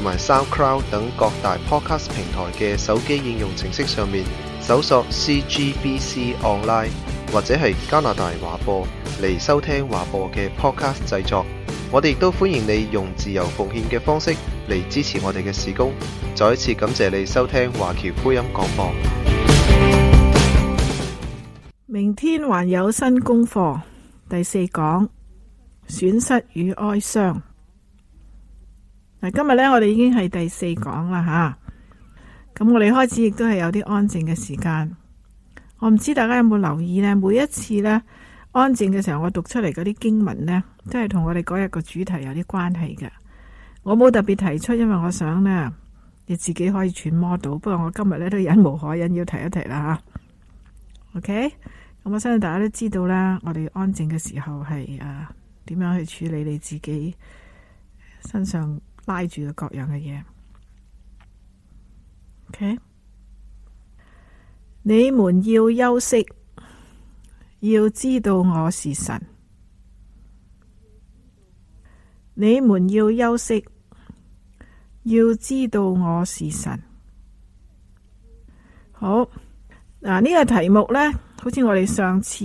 同埋 SoundCloud 等各大 Podcast 平台嘅手機應用程式上面搜索 CGBC Online 或者係加拿大華播嚟收聽華播嘅 Podcast 製作，我哋亦都歡迎你用自由奉獻嘅方式嚟支持我哋嘅事工。再一次感謝你收聽華僑福音廣播，明天還有新功課，第四講損失與哀傷。嗱，今日咧，我哋已經係第四講啦，吓，咁我哋開始亦都係有啲安靜嘅時間。我唔知大家有冇留意呢？每一次呢，安靜嘅時候，我讀出嚟，嗰啲經文呢，都係同我哋嗰日個主題有啲關係嘅。我冇特別提出，因為我想呢，你自己可以揣摩到。不過我今日咧都忍無可忍，要提一提啦，吓。OK，咁我相信大家都知道啦。我哋安靜嘅時候係啊，點樣去處理你自己身上，挨住嘅各樣嘅嘢，OK，你們要休息，要知道我是神。你們要休息，要知道我是神。好，嗱呢個題目咧，好似我哋上次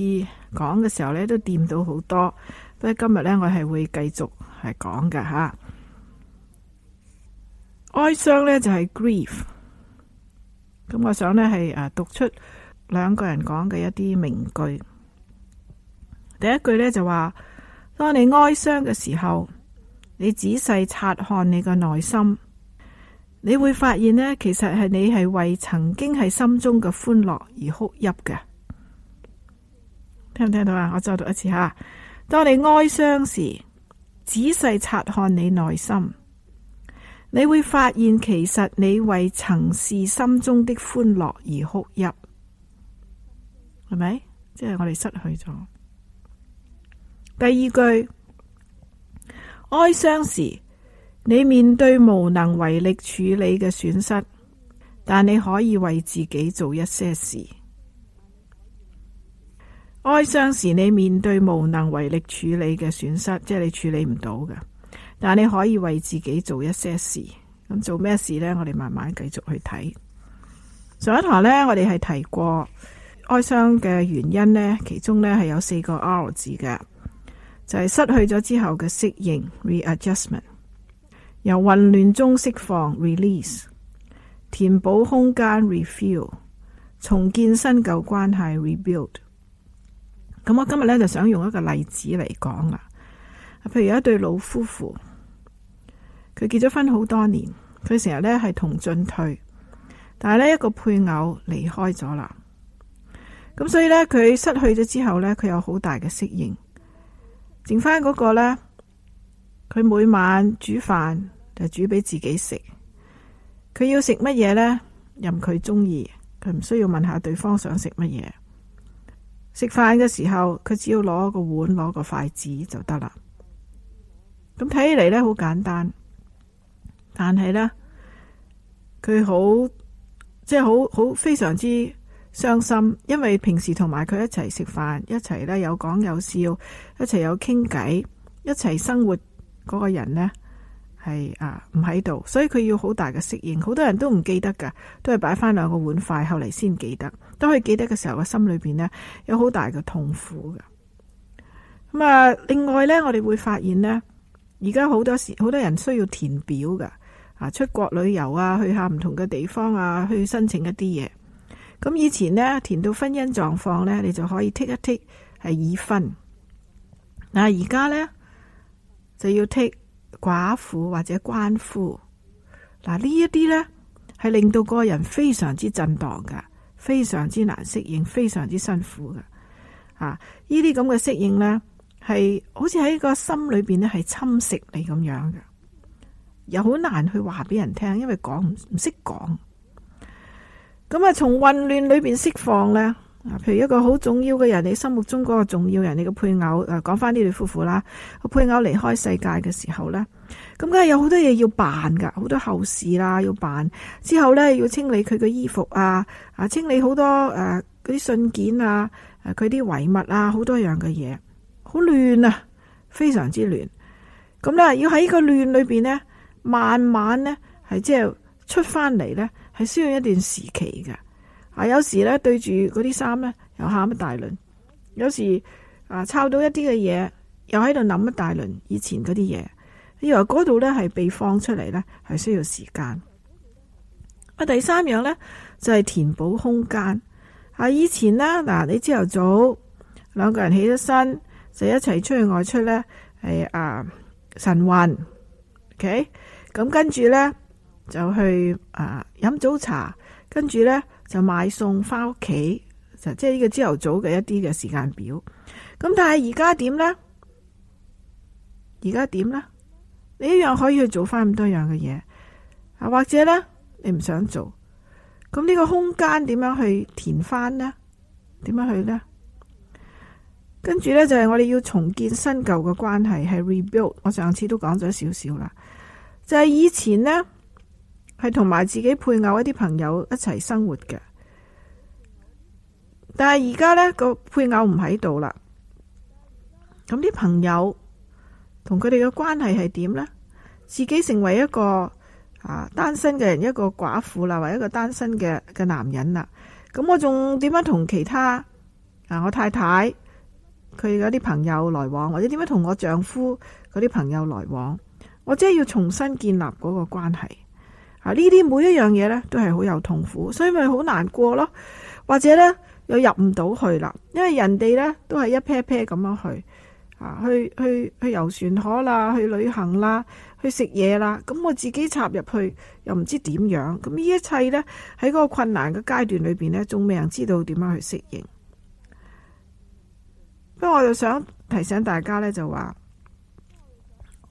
講嘅時候咧，都掂到好多，不過今日咧，我係會繼續係講嘅吓。哀傷呢就係 grief，咁我想呢係誒讀出兩個人講嘅一啲名句。第一句呢就話：當你哀傷嘅時候，你仔細察看你個內心，你會發現呢，其實係你係為曾經喺心中嘅歡樂而哭泣嘅。聽唔聽到啊？我再讀一次吓。當你哀傷時，仔細察看你內心。你會發現，其實你為曾是心中的歡樂而哭泣，係咪？即係我哋失去咗。第二句，哀傷時，你面對無能為力處理嘅損失，但你可以為自己做一些事。哀傷時，你面對無能為力處理嘅損失，即係你處理唔到嘅。但你可以為自己做一些事，咁做咩事呢？我哋慢慢繼續去睇。上一堂呢，我哋係提過哀傷嘅原因呢，其中呢係有四個 R 字嘅，就係、是、失去咗之後嘅適應 re-adjustment，由混亂中釋放 release，填補空間 refill，重建新舊關係 rebuild。咁 Re 我今日呢，就想用一個例子嚟講啦，譬如一對老夫婦。佢結咗婚好多年，佢成日呢係同進退，但係呢一個配偶離開咗啦，咁所以呢，佢失去咗之後呢，佢有好大嘅適應，剩翻嗰個呢，佢每晚煮飯就煮俾自己食，佢要食乜嘢呢？任佢鍾意，佢唔需要問下對方想食乜嘢。食飯嘅時候，佢只要攞個碗，攞個筷子就得啦。咁睇起嚟呢，好簡單。但係呢，佢好，即係好好非常之傷心，因為平時同埋佢一齊食飯一齊呢有講有笑一齊有傾偈一齊生活嗰個人呢，係啊唔喺度，所以佢要好大嘅適應。好多人都唔記得噶，都係擺翻兩個碗筷，後嚟先記得，當佢記得嘅時候，個心裏邊呢，有好大嘅痛苦噶。咁啊，另外呢，我哋會發現呢，而家好多時好多人需要填表噶，出國旅遊啊，去下唔同嘅地方啊，去申請一啲嘢。咁以前呢，填到婚姻狀況呢，你就可以 tick 一 tick 係已婚。嗱，而家呢，就要 tick 寡婦或者鰥夫。嗱，呢一啲呢，係令到個人非常之震盪噶，非常之難適應，非常之辛苦噶。啊！呢啲咁嘅適應呢，係好似喺個心裏邊呢，係侵蝕你咁樣嘅。又好難去話俾人聽，因為講唔唔識講。咁啊，從混亂裏邊釋放咧，啊，譬如一個好重要嘅人，你心目中嗰個重要人，你嘅配偶，誒，講翻呢對夫婦啦，個配偶離開世界嘅時候咧，咁梗係有好多嘢要辦噶，好多後事啦要辦，之後咧要清理佢嘅衣服啊，啊，清理好多誒嗰啲信件啊，誒，佢啲遺物啊，好多樣嘅嘢，好亂啊，非常之亂。咁咧，要喺呢個亂裏邊呢。慢慢咧，係即係出翻嚟咧，係需要一段時期嘅。啊，有時咧對住嗰啲衫咧，又喊一大輪；有時啊，抄到一啲嘅嘢，又喺度諗一大輪以前嗰啲嘢。以為嗰度咧係被放出嚟咧，係需要時間。啊，第三樣咧就係、是、填補空間。啊，以前呢，嗱、啊，你朝頭早兩個人起咗身就一齊出去外出咧，係啊晨運，OK。咁跟住呢，就去啊飲早茶，跟住呢，就買餸翻屋企，就即係呢個朝頭早嘅一啲嘅時間表。咁但係而家點呢？而家點呢？你一樣可以去做翻咁多樣嘅嘢啊，或者呢，你唔想做，咁呢個空間點樣去填翻呢？點樣去呢？跟住呢，就係我哋要重建新舊嘅關係，係 rebuild。我上次都講咗少少啦。就係、是、以前呢，係同埋自己配偶一啲朋友一齊生活嘅，但係而家呢，個配偶唔喺度啦，咁啲朋友同佢哋嘅關係係點呢？自己成為一個啊單身嘅人，一個寡婦啦，或者一個單身嘅嘅男人啦，咁我仲點樣同其他啊我太太佢嗰啲朋友來往，或者點樣同我丈夫嗰啲朋友來往？我真係要重新建立嗰個關係，啊呢啲每一樣嘢呢都係好有痛苦，所以咪好難過咯。或者呢，又入唔到去啦，因為人哋呢都係一撇撇咁樣去，啊去去去遊船河啦，去旅行啦，去食嘢啦。咁我自己插入去又唔知點樣，咁呢一切呢，喺嗰個困難嘅階段裏邊呢，仲未人知道點樣去適應。不過我就想提醒大家呢，就話。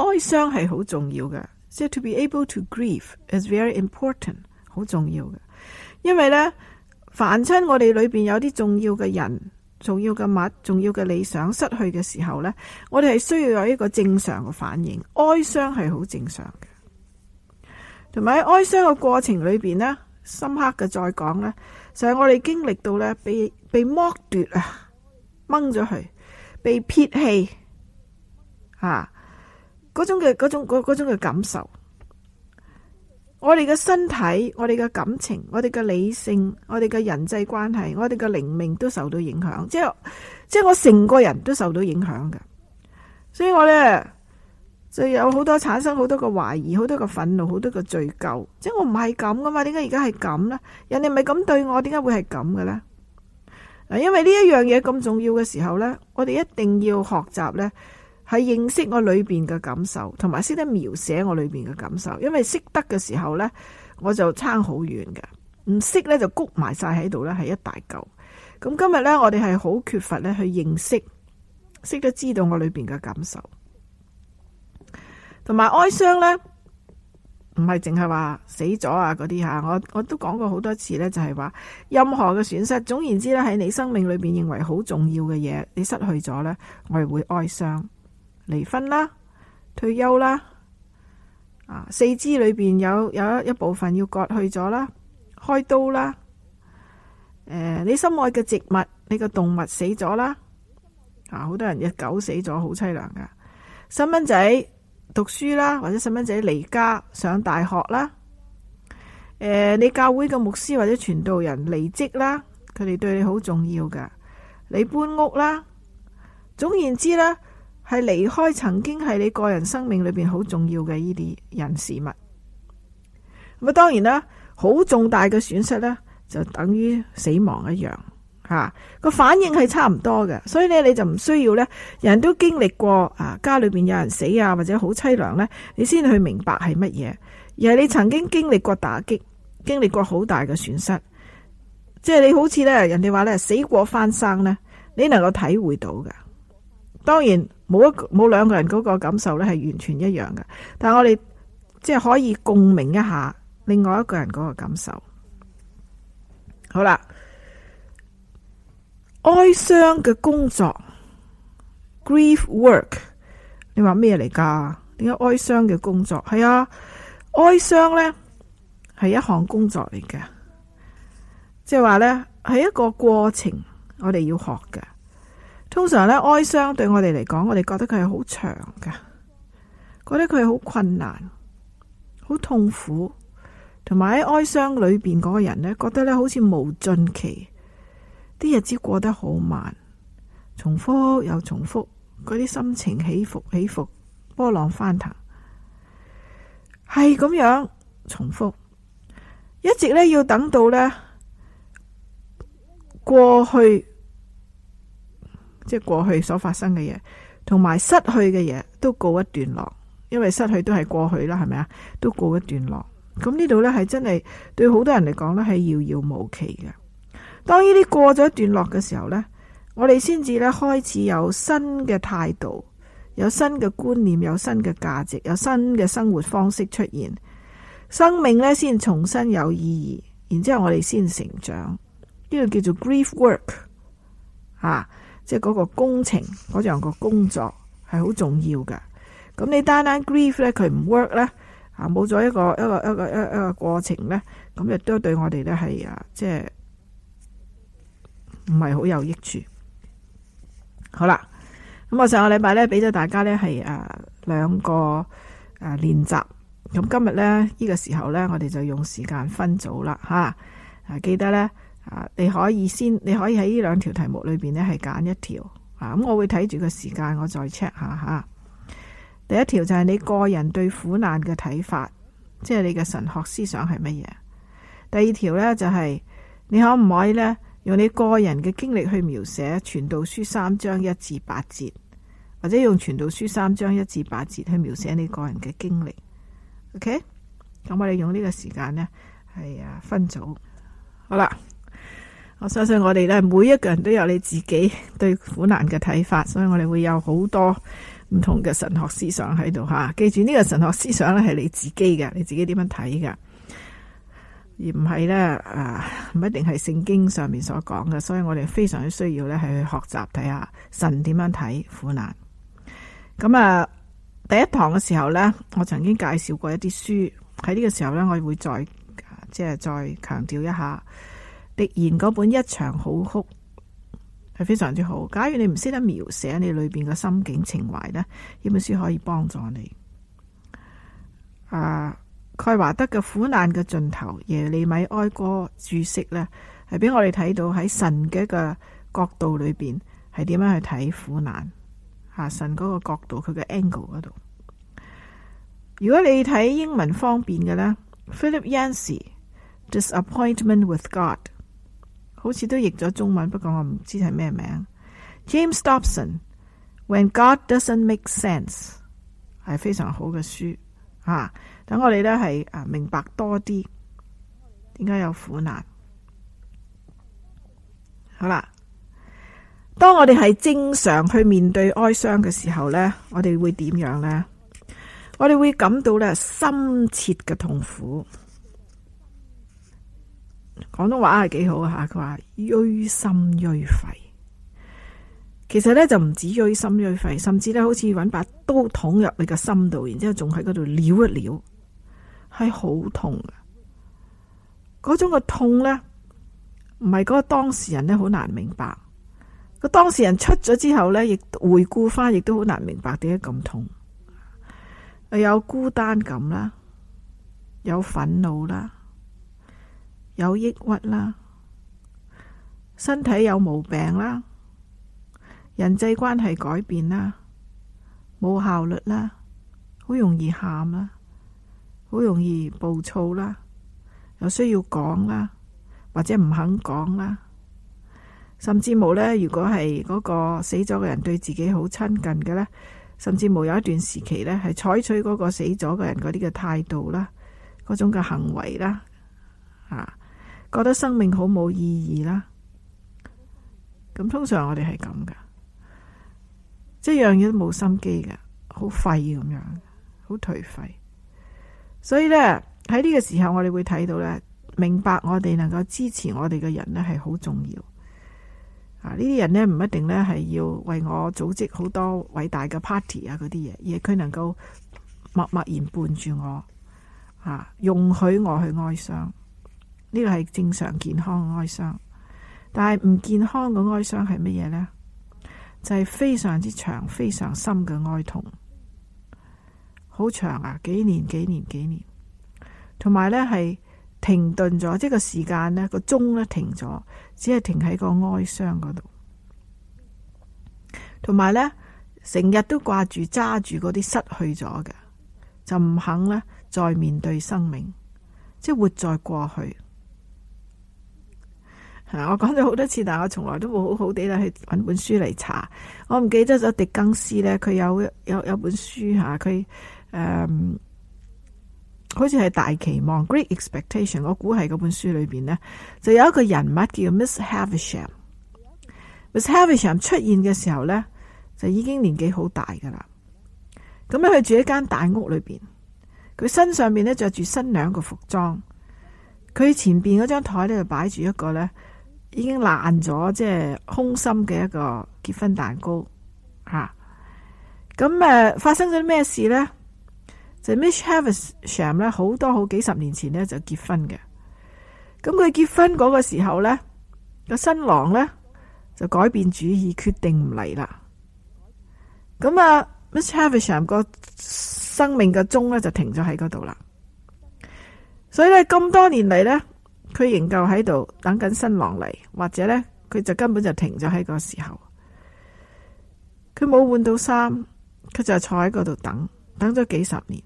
哀傷係好重要嘅，即係 so to be able to grieve is very important，好重要嘅。因為呢，凡親我哋裏邊有啲重要嘅人、重要嘅物、重要嘅理想失去嘅時候呢，我哋係需要有一個正常嘅反應，哀傷係好正常嘅。同埋喺哀傷嘅過程裏邊呢，深刻嘅再講呢，就係我哋經歷到呢，被被剝奪啊，掹咗佢，被撇棄啊。嗰種嘅嗰種嗰種嘅感受，我哋嘅身體、我哋嘅感情、我哋嘅理性、我哋嘅人際關係、我哋嘅靈命都受到影響，即係即係我成個人都受到影響嘅，所以我咧就有好多產生好多個懷疑、好多個憤怒、好多個罪疚，即係我唔係咁噶嘛？點解而家係咁呢？人哋咪咁對我，點解會係咁嘅咧？因為呢一樣嘢咁重要嘅時候呢，我哋一定要學習呢。係認識我裏邊嘅感受，同埋識得描寫我裏邊嘅感受。因為識得嘅時候呢，我就差好遠嘅；唔識呢，就谷埋晒喺度呢係一大嚿。咁今日呢，我哋係好缺乏呢去認識，識得知道我裏邊嘅感受，同埋哀傷呢，唔係淨係話死咗啊嗰啲吓。我我都講過好多次呢，就係話任何嘅損失，總言之呢，喺你生命裏邊認為好重要嘅嘢，你失去咗呢，我哋會哀傷。離婚啦，退休啦，啊，四肢裏邊有有一一部分要割去咗啦，開刀啦。誒，你心愛嘅植物，你個動物死咗啦，啊，好多人嘅狗死咗，好凄涼噶。細蚊仔讀書啦，或者細蚊仔離家上大學啦。誒，你教會嘅牧師或者傳道人離職啦，佢哋對你好重要噶。你搬屋啦，總言之啦。係離開曾經係你個人生命裏邊好重要嘅呢啲人事物，咁啊當然啦，好重大嘅損失呢，就等於死亡一樣吓，個反應係差唔多嘅，所以呢，你就唔需要呢，人都經歷過啊，家裏邊有人死啊或者好淒涼呢，你先去明白係乜嘢，而係你曾經經歷過打擊，經歷過好大嘅損失，即係你好似呢，人哋話呢，「死過翻生」呢，你能夠體會到噶。當然冇一個冇兩個人嗰個感受咧係完全一樣嘅，但係我哋即係可以共鳴一下另外一個人嗰個感受。好啦，哀傷嘅工作 Grief work，你話咩嚟噶？點解哀傷嘅工作？係啊，哀傷咧係一項工作嚟嘅，即係話咧係一個過程，我哋要學嘅。通常咧，哀傷對我哋嚟講，我哋覺得佢係好長㗎，覺得佢係好困難、好痛苦，同埋喺哀傷裏邊嗰個人呢覺得呢好似無盡期，啲日子過得好慢，重複又重複，嗰啲心情起伏起伏，波浪翻騰，係咁樣重複，一直呢，要等到呢過去。即係過去所發生嘅嘢，同埋失去嘅嘢都告一段落，因為失去都係過去啦，係咪啊？都告一段落。咁呢度呢，係真係對好多人嚟講呢係遙遙無期嘅。當呢啲過咗一段落嘅時候呢，我哋先至呢開始有新嘅態度，有新嘅觀念，有新嘅價值，有新嘅生活方式出現，生命呢，先重新有意義。然之後我哋先成長，呢個叫做 grief work 啊。即係嗰個工程，嗰樣個工作係好重要㗎。咁你單單 grief 咧，佢唔 work 咧啊冇咗一個一個一個一個過程咧，咁亦都對我哋咧係啊即係唔係好有益處。好啦，咁我上個禮拜咧俾咗大家咧係誒兩個誒啊練習，咁今日咧呢個時候咧我哋就用時間分組啦吓，啊，啊記得咧。啊！你可以先，你可以喺呢兩條題目裏邊呢係揀一條啊。咁我會睇住個時間，我再 check 下吓。啊，第一條就係你個人對苦難嘅睇法，即係你嘅神學思想係乜嘢？第二條呢，就係、是、你可唔可以呢？用你個人嘅經歷去描寫《傳道書》三章一至八節，或者用《傳道書》三章一至八節去描寫你個人嘅經歷。OK，咁我哋用呢個時間呢，係啊分組好啦。我相信我哋咧，每一個人都有你自己對苦難嘅睇法，所以我哋會有好多唔同嘅神學思想喺度吓。記住呢個神學思想咧係你自己嘅，你自己點樣睇噶而唔係咧啊，唔一定係聖經上面所講嘅。所以我哋非常之需要咧係去學習睇下神點樣睇苦難。咁啊，第一堂嘅時候呢，我曾經介紹過一啲書，喺呢個時候呢，我亦會再即係再強調一下。突然嗰本《一場好哭》係非常之好。假如你唔識得描寫你裏邊嘅心境情懷呢，呢本書可以幫助你。啊，蓋華德嘅《苦難嘅盡頭》、耶利米哀歌注釋呢係俾我哋睇到喺神嘅一個角度裏邊係點樣去睇苦難。吓、uh,，神嗰個角度，佢嘅 angle 嗰度。如果你睇英文方便嘅呢 Philip Yancey《Disappointment with God》。好似都譯咗中文，不過我唔知係咩名。James Dobson，When God Doesn't Make Sense，係非常好嘅書啊！等我哋咧係啊明白多啲，點解有苦難？好啦，當我哋係正常去面對哀傷嘅時候咧，我哋會點樣咧？我哋會感到咧深切嘅痛苦。廣東話係幾好啊！佢話淤心淤肺，其實咧就唔止淤心淤肺，甚至咧好似搵把刀捅入你個心度，然之後仲喺嗰度撩一撩，係好痛嘅。嗰種嘅痛咧，唔係嗰個當事人咧好難明白。個當事人出咗之後咧，亦回顧返，亦都好難明白點解咁痛。有孤單感啦，有憤怒啦。有抑鬱啦，身體有毛病啦，人際關係改變啦，冇效率啦，好容易喊啦，好容易暴躁啦，有需要講啦，或者唔肯講啦，甚至冇呢。如果係嗰個死咗嘅人對自己好親近嘅呢，甚至冇有一段時期呢，係採取嗰個死咗嘅人嗰啲嘅態度啦，嗰種嘅行為啦，覺得生命好冇意義啦，咁通常我哋係咁噶，即係樣嘢都冇心機噶，好廢咁樣，好頹廢。所以呢，喺呢個時候，我哋會睇到呢，明白我哋能夠支持我哋嘅人呢係好重要。啊，呢啲人呢，唔一定呢係要為我組織好多偉大嘅 party 啊嗰啲嘢，而係佢能夠默默然伴住我，啊，容許我去哀傷。呢、這個係正常健康嘅哀傷，但係唔健康嘅哀傷係乜嘢呢？就係、是、非常之長、非常深嘅哀痛，好長啊，幾年、幾年、幾年，同埋呢係停頓咗，即個時間呢個鐘呢停咗，只係停喺個哀傷嗰度，同埋呢，成日都掛住揸住嗰啲失去咗嘅，就唔肯呢再面對生命，即係活在過去。我講咗好多次，但我從來都冇好好地去揾本書嚟查。我唔記得咗狄更斯咧，佢有有有本書吓，佢誒，um, 好似係《大期望》（Great Expectation），我估係嗰本書裏邊呢，就有一個人物叫 Miss Havisham。Yeah. Miss Havisham 出現嘅時候咧，就已經年紀好大噶啦。咁咧，佢住喺一間大屋裏邊，佢身上邊咧着住新娘嘅服裝，佢前邊嗰張台咧就擺住一個咧。已經爛咗，即係空心嘅一個結婚蛋糕啊！咁誒、啊，發生咗咩事呢？就係 Miss Havisham 咧，好多好幾十年前咧就結婚嘅。咁佢結婚嗰個時候呢，個新郎呢就改變主意，決定唔嚟啦。咁啊，Miss Havisham 個生命嘅鐘咧就停咗喺嗰度啦。所以咧，咁多年嚟呢。佢仍舊喺度等緊新郎嚟，或者呢，佢就根本就停咗喺個時候。佢冇換到衫，佢就坐喺嗰度等，等咗幾十年。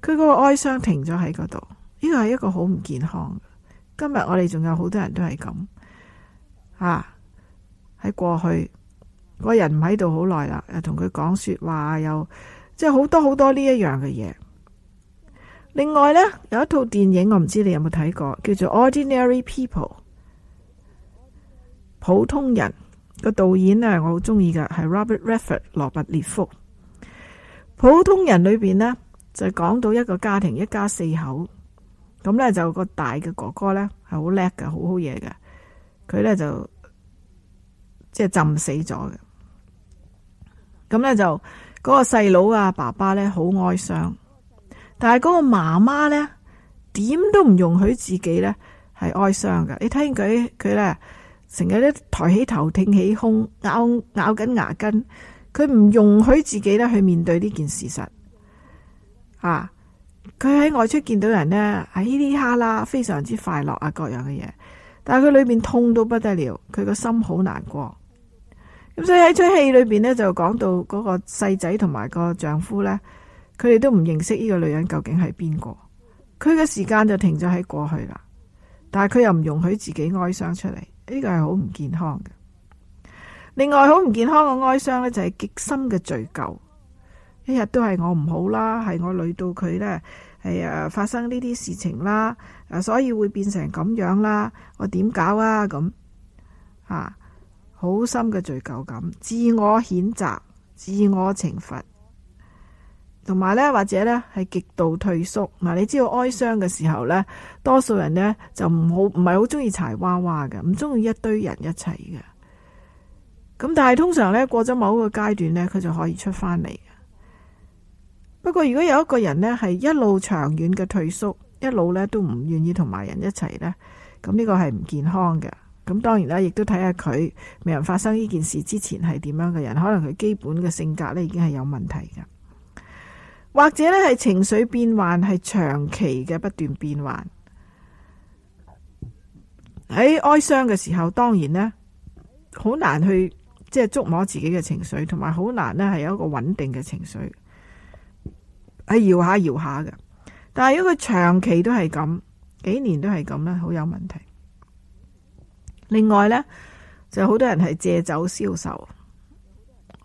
佢嗰個哀傷停咗喺嗰度，呢個係一個好唔健康的。今日我哋仲有好多人都係咁，啊喺過去個人唔喺度好耐啦，又同佢講說話，又即係好多好多呢一樣嘅嘢。另外呢，有一套電影我唔知你有冇睇過，叫做《Ordinary People》。普通人，個導演呢，我好中意嘅係 Robert Redford 羅拔列福。普通人裏邊呢，就講到一個家庭，一家四口，咁呢，就個大嘅哥哥呢，係好叻嘅好好嘢嘅，佢呢，就即係、就是、浸死咗嘅，咁呢就嗰、嗰個細佬啊，爸爸呢，好哀傷。但係嗰個媽媽呢，點都唔容許自己呢係哀傷嘅。你睇佢佢呢成日都抬起頭挺起胸咬咬緊牙根，佢唔容許自己呢去面對呢件事實。啊！佢喺外出見到人呢，係嘻嘻哈哈，非常之快樂啊各樣嘅嘢。但係佢裏面痛到不得了，佢個心好難過。咁所以喺出戲裏邊呢，就講到嗰個細仔同埋個丈夫呢。佢哋都唔認識呢個女人究竟係邊個，佢嘅時間就停咗喺過去啦。但係佢又唔容許自己哀傷出嚟，呢個係好唔健康嘅。另外，好唔健康嘅哀傷呢，就係極深嘅罪疚，一日都係我唔好啦，係我累到佢呢，係啊發生呢啲事情啦、啊，所以會變成咁樣啦，我點搞啊咁啊，好深嘅罪疚感，自我譴責，自我懲罰。同埋呢，或者呢，係極度退縮嗱。你知道哀傷嘅時候呢，多數人呢就唔好唔係好中意柴娃娃嘅，唔中意一堆人一齊嘅。咁但係通常呢，過咗某個階段呢，佢就可以出翻嚟。不過如果有一個人呢，係一路長遠嘅退縮，一路呢都唔願意同埋人一齊呢，咁呢個係唔健康嘅。咁當然啦，亦都睇下佢未人發生呢件事之前係點樣嘅人，可能佢基本嘅性格呢已經係有問題㗎。或者咧，係情緒變幻，係長期嘅不斷變幻。喺哀傷嘅時候，當然呢，好難去即係捉摸自己嘅情緒，同埋好難呢係有一個穩定嘅情緒，係搖下搖下嘅。但係如果佢長期都係咁，幾年都係咁咧，好有問題。另外呢，就好多人係借酒消愁。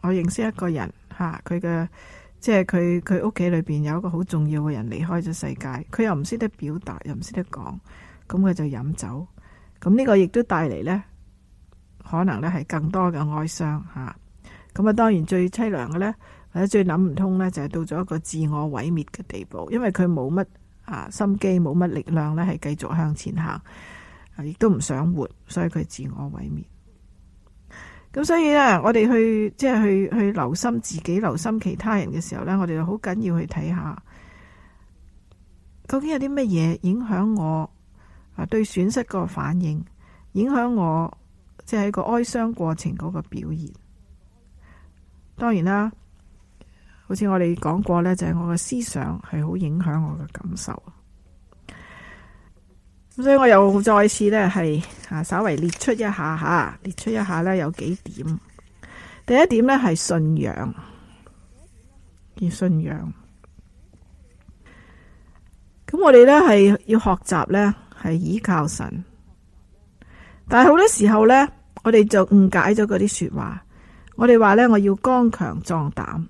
我認識一個人，吓佢嘅。即係佢佢屋企裏邊有一個好重要嘅人離開咗世界，佢又唔識得表達，又唔識得講，咁佢就飲酒，咁呢個亦都帶嚟呢，可能呢係更多嘅哀傷吓。咁啊，那當然最淒涼嘅呢，或者最諗唔通呢，就係、是、到咗一個自我毀滅嘅地步，因為佢冇乜啊心機，冇乜力量呢，係繼續向前行，亦、啊、都唔想活，所以佢自我毀滅。咁所以咧，我哋去即係去去留心自己，留心其他人嘅時候咧，我哋就好緊要去睇下，究竟有啲乜嘢影響我啊？對損失個反應，影響我即係個哀傷過程嗰個表現。當然啦，好似我哋講過咧，就係我嘅思想係好影響我嘅感受。所以我又再次呢，係啊，稍微列出一下吓，列出一下呢，有幾點。第一點呢，係信仰，叫信仰。咁我哋呢，係要學習呢，係倚靠神，但係好多時候呢，我哋就誤解咗嗰啲說話。我哋話呢，我要剛強壯膽，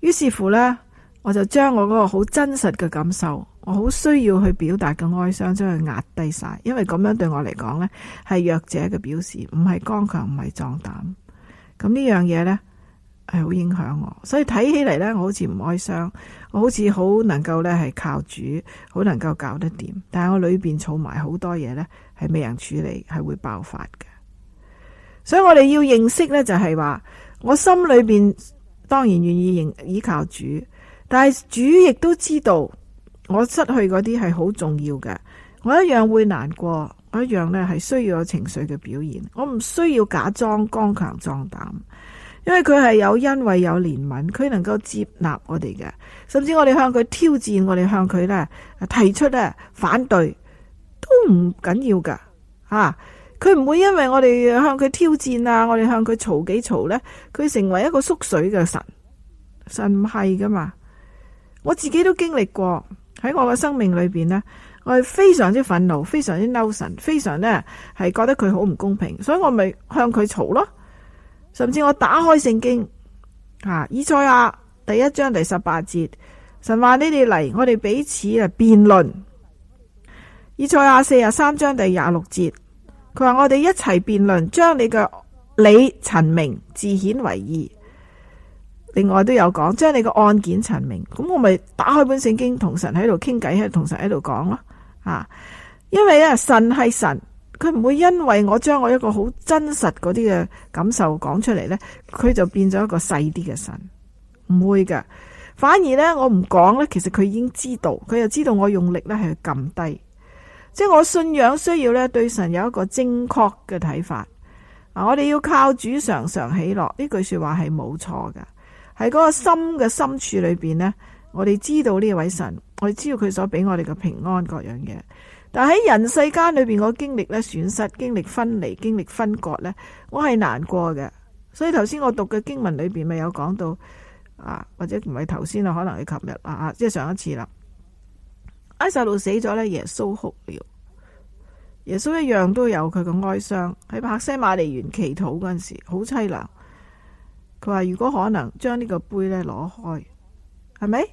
於是乎呢，我就將我嗰個好真實嘅感受。我好需要去表達嘅哀傷，將佢壓低晒，因為咁樣對我嚟講呢，係弱者嘅表示，唔係剛強，唔係壯膽。咁呢樣嘢呢，係好影響我，所以睇起嚟呢，我好似唔哀傷，我好似好能夠呢，係靠主，好能夠搞得掂。但係我裏邊儲埋好多嘢呢，係未能處理，係會爆發嘅。所以我哋要認識呢，就係話我心裏邊當然願意依靠主，但係主亦都知道。我失去嗰啲係好重要嘅，我一樣會難過，我一樣呢係需要有情緒嘅表現，我唔需要假裝剛強壯膽，因為佢係有恩惠有憐憫，佢能夠接納我哋嘅，甚至我哋向佢挑戰，我哋向佢呢提出呢反對都唔緊要噶，吓、啊，佢唔會因為我哋向佢挑戰啊，我哋向佢嘈幾嘈呢，佢成為一個縮水嘅神神係㗎嘛，我自己都經歷過。喺我嘅生命裏邊呢，我係非常之憤怒，非常之嬲神，非常呢係覺得佢好唔公平，所以我咪向佢嘈咯。甚至我打開聖經，啊，以賽亞第一章第十八節，神話你哋嚟，我哋彼此啊辯論。以賽亞四十三章第廿六節，佢話我哋一齊辯論，將你嘅理陳明，自顯為義。另外都有講，將你個案件陳明，咁我咪打開本聖經同神喺度傾偈，喺同神喺度講咯。因為咧，神係神，佢唔會因為我將我一個好真實嗰啲嘅感受講出嚟，呢，佢就變咗一個細啲嘅神，唔會噶。反而呢，我唔講呢，其實佢已經知道，佢又知道我用力呢係撳低，即係我信仰需要呢對神有一個正確嘅睇法啊。我哋要靠主常常喜樂呢句說話係冇錯噶。喺嗰個心嘅深處裏邊呢，我哋知道呢位神，我哋知道佢所俾我哋嘅平安各樣嘢。但喺人世間裏邊，我經歷呢損失，經歷分離，經歷分割呢，我係難過嘅。所以頭先我讀嘅經文裏邊咪有講到啊，或者唔係頭先啊，可能係琴日啊，即係上一次啦。拉撒路死咗呢，耶穌哭了。耶穌一樣都有佢嘅哀傷，喺客西馬尼園祈禱嗰陣時候，好淒涼。佢話如果可能將呢個杯呢攞開，係咪？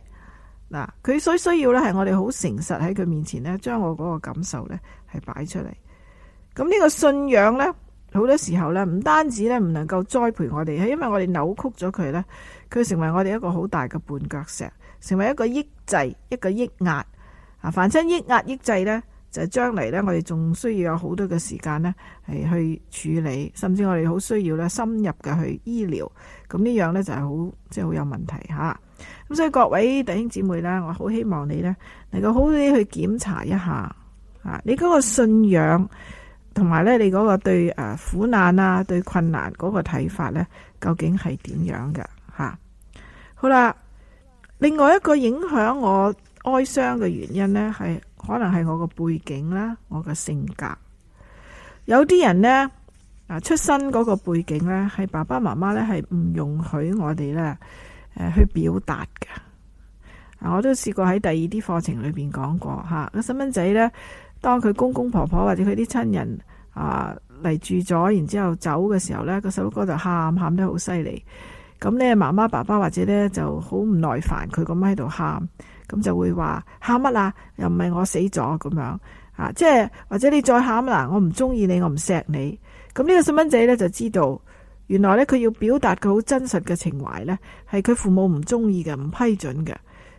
嗱，佢所需要呢係我哋好誠實喺佢面前呢將我嗰個感受呢係擺出嚟。咁呢個信仰呢，好多時候呢唔單止呢唔能夠栽培我哋，係因為我哋扭曲咗佢呢，佢成為我哋一個好大嘅絆腳石，成為一個抑制、一個抑壓啊！凡親抑壓、抑制呢，就係將嚟呢我哋仲需要有好多嘅時間呢係去處理，甚至我哋好需要呢深入嘅去醫療。咁呢樣呢，就係好，即係好有問題吓。咁所以各位弟兄姊妹呢，我好希望你呢，能夠好啲去檢查一下，你嗰個信仰同埋呢，你嗰個對誒苦難啊、對困難嗰個睇法呢，究竟係點樣嘅吓？好啦，另外一個影響我哀傷嘅原因呢，係可能係我個背景啦，我嘅性格。有啲人呢。出生嗰個背景呢，係爸爸媽媽呢，係唔容許我哋呢誒，去表達㗎。啊，我都試過喺第二啲課程裏邊講過吓。個細蚊仔呢，當佢公公婆婆或者佢啲親人啊嚟，住咗，然之後走嘅時候呢，個首歌就喊喊得好犀利。咁呢，媽媽爸爸或者呢，就好唔耐煩佢咁喺度喊，咁就會話喊乜啊？又唔係我死咗咁樣啊？即係或者你再喊啦，我唔中意你，我唔錫你。咁呢個細蚊仔咧就知道，原來咧佢要表達佢好真實嘅情懷咧，係佢父母唔中意嘅，唔批准嘅。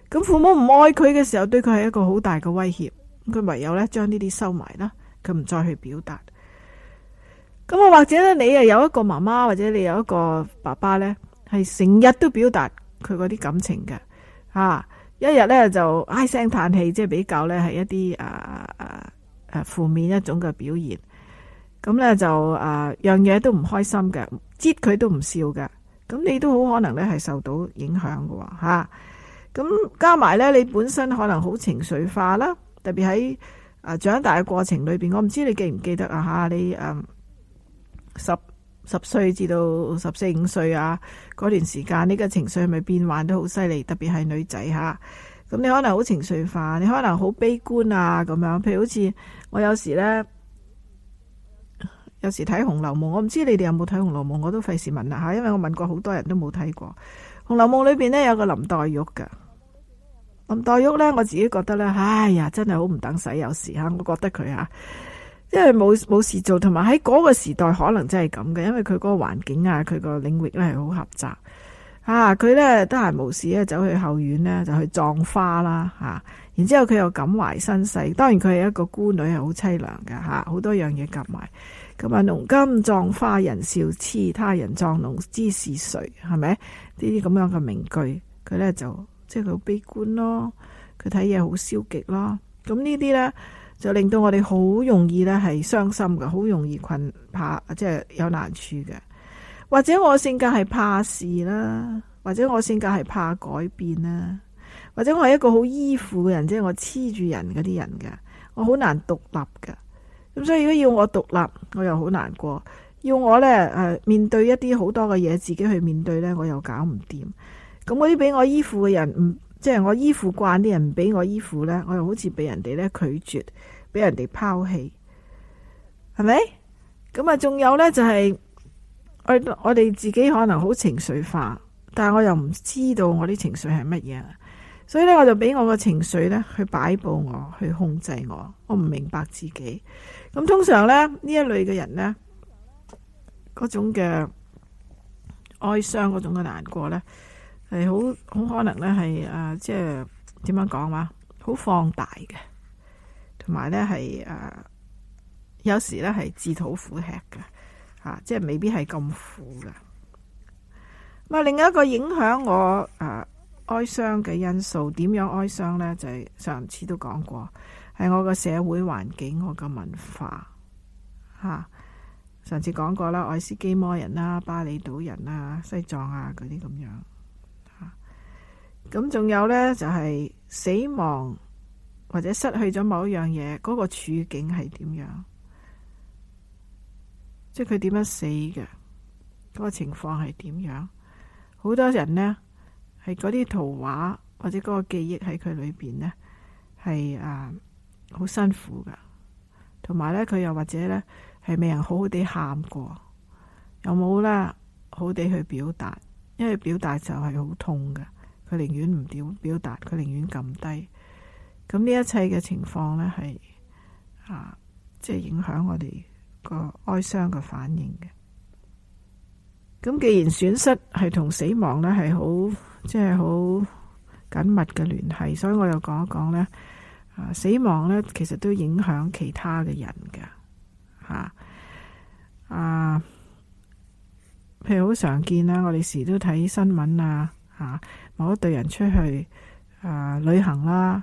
咁父母唔愛佢嘅時候，對佢係一個好大嘅威脅。佢唯有咧將呢啲收埋啦，佢唔再去表達。咁我或者咧，你啊有一個媽媽，或者你有一個爸爸咧，係成日都表達佢嗰啲感情嘅。吓，一日咧就唉聲嘆氣，即係比較咧係一啲啊啊啊負面一種嘅表現。咁咧就誒、啊、樣嘢，都唔開心嘅，接佢都唔笑嘅，咁你都好可能咧係受到影響㗎吓。咁、啊、加埋咧，你本身可能好情緒化啦，特別喺誒長大嘅過程裏邊，我唔知你記唔記得啊吓，你誒、啊、十十歲至到十四五歲啊嗰段時間，呢個情緒係咪變幻都好犀利，特別係女仔吓。咁、啊、你可能好情緒化，你可能好悲觀啊咁樣，譬如好似我有時咧。有時睇《紅樓夢》，我唔知你哋有冇睇《紅樓夢》？我都費事問啦吓，因為我問過好多人都冇睇過《紅樓夢》。裏邊呢有個林黛玉噶，林黛玉呢，我自己覺得呢，哎呀，真係好唔等使。有時吓，我覺得佢吓，因為冇冇事做，同埋喺嗰個時代可能真係咁嘅，因為佢嗰個環境他的啊，佢個領域呢係好狹窄啊。佢呢，得閒無事咧，走去後院呢，就去葬花啦吓、啊。然之後佢又感懷身世，當然佢係一個孤女，係好淒涼嘅吓，好、啊、多樣嘢夾埋。咁啊！儂今葬花人笑痴，他人葬儂知是誰？係咪？呢啲咁樣嘅名句，佢呢就即係佢好悲觀咯，佢睇嘢好消極咯。咁呢啲呢，就令到我哋好容易呢係傷心嘅，好容易困怕，即係有難處嘅。或者我性格係怕事啦，或者我性格係怕改變啦，或者我係一個好依附嘅人，即係我黐住人嗰啲人嘅，我好難獨立㗎。咁所以如果要我獨立，我又好難過；要我咧誒面對一啲好多嘅嘢，自己去面對咧，我又搞唔掂。咁嗰啲俾我依附嘅人，唔即係我依附慣啲人，唔俾我依附咧，我又好似俾人哋咧拒絕，俾人哋拋棄，係咪？咁啊，仲有咧就係、是、我我哋自己可能好情緒化，但係我又唔知道我啲情緒係乜嘢，所以咧我就俾我個情緒咧去擺布我，去控制我，我唔明白自己。咁通常咧呢一類嘅人呢，嗰種嘅哀傷，嗰種嘅難過呢，係好好可能呢，係誒即係點樣講啊？好放大嘅，同埋呢係誒、啊、有時呢係自討苦吃噶吓、啊，即係未必係咁苦噶。咁啊，另一個影響我哀傷嘅因素，點樣哀傷呢？就係、是、上次都講過。喺我個社會環境，我個文化吓、啊。上次講過啦，愛斯基摩人啦、巴厘島人啦、西藏啊嗰啲咁樣咁仲、啊、有呢，就係、係、死亡或者失去咗某一樣嘢，嗰、嗰個處境係點樣？即係佢點樣死嘅，嗰、嗰個情況係點樣？好多人呢，係嗰啲圖畫或者嗰個記憶喺佢裏邊呢，係啊好辛苦噶，同埋呢，佢又或者呢，係未人好好地喊過，又冇啦好地去表達，因為表達就係好痛噶。佢寧願唔表表達，佢寧願撳低。咁呢一切嘅情況呢，係啊，即係影響我哋個哀傷嘅反應嘅。咁既然損失係同死亡呢，係好即係好緊密嘅聯繫，所以我又講一講呢。死亡咧，其實都影響其他嘅人噶，吓、啊，啊，譬如好常見啦，我哋時都睇新聞啊，吓，某一隊人出去啊旅行啦，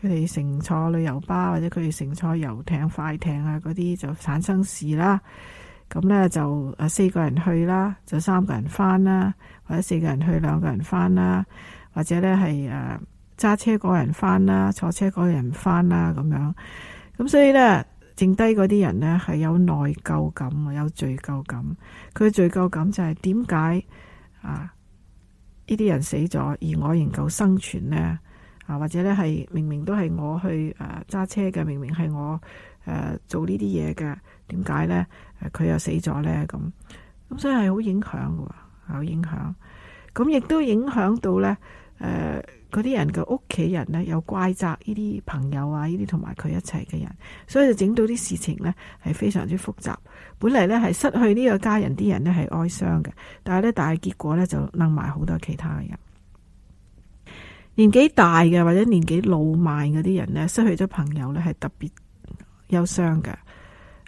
佢哋乘坐旅遊巴或者佢哋乘坐遊艇、快艇啊嗰啲就產生事啦，咁咧就啊四個人去啦，就三個人返啦，或者四個人去，兩個人返啦，或者咧係誒。揸車嗰人翻啦，坐車嗰人翻啦，咁樣，咁所以呢，剩低嗰啲人呢，係有內疚感，有罪疚感。佢嘅罪疚感就係點解啊？呢啲人死咗，而我仍夠生存呢？啊，或者呢，係明明都係我去誒揸、啊、車嘅，明明係我誒、啊、做呢啲嘢嘅，點解呢？佢、啊、又死咗呢？咁咁所以係好影響嘅，好影響。咁亦都影響到呢。誒、呃，嗰啲人嘅屋企人呢，又怪責呢啲朋友啊，呢啲同埋佢一齊嘅人，所以就整到啲事情呢係非常之複雜。本嚟呢係失去呢個家人，啲人呢係哀傷嘅，但係呢但係結果呢就掹埋好多其他人。年紀大嘅或者年紀老邁嗰啲人呢，失去咗朋友呢係特別憂傷嘅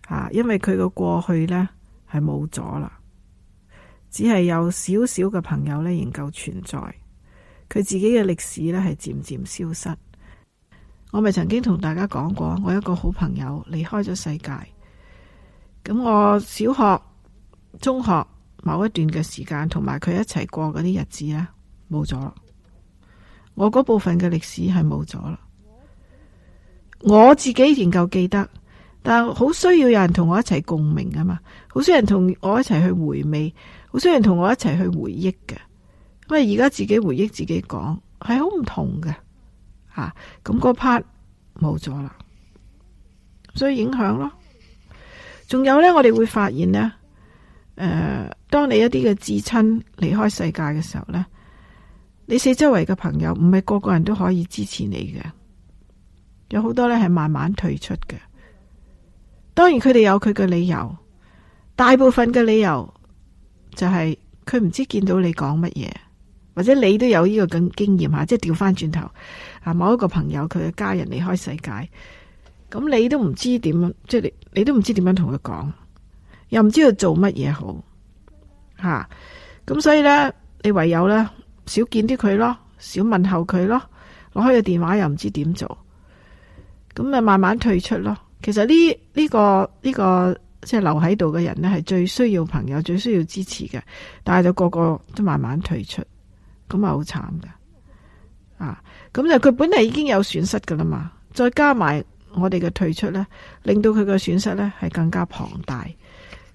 吓，因為佢嘅過去呢係冇咗啦，只係有少少嘅朋友呢仍舊存在。佢自己嘅歷史呢係漸漸消失，我咪曾經同大家講過，我一個好朋友離開咗世界，咁我小學、中學某一段嘅時間同埋佢一齊過嗰啲日子呀，冇咗，我嗰部分嘅歷史係冇咗啦，我自己仍舊記得，但好需要有人同我一齊共鳴啊嘛，好少人同我一齊去回味，好少人同我一齊去回憶嘅。咪而家自己回憶自己講，係好唔同嘅，吓、啊、咁、個 part 冇咗啦，所以影響咯。仲有咧，我哋會發現咧，誒、呃，當你一啲嘅至親離開世界嘅時候咧，你四周圍嘅朋友唔係個個人都可以支持你嘅，有好多咧係慢慢退出嘅。當然佢哋有佢嘅理由，大部分嘅理由就係佢唔知見到你講乜嘢。或者你都有呢個咁經驗吓，即係調翻轉頭啊。某一個朋友佢嘅家人離開世界，咁你都唔知點樣，即係你你都唔知點樣同佢講，又唔知道做乜嘢好吓。咁所以呢，你唯有呢，少見啲佢咯，少問候佢咯，攞開個電話又唔知點做，咁咪慢慢退出咯。其實呢，呢個呢個即係留喺度嘅人呢，係最需要朋友最需要支持嘅，但係就個個都慢慢退出。咁啊，好慘噶！啊，咁就佢本嚟已經有損失噶啦嘛，再加埋我哋嘅退出呢，令到佢嘅損失呢係更加龐大。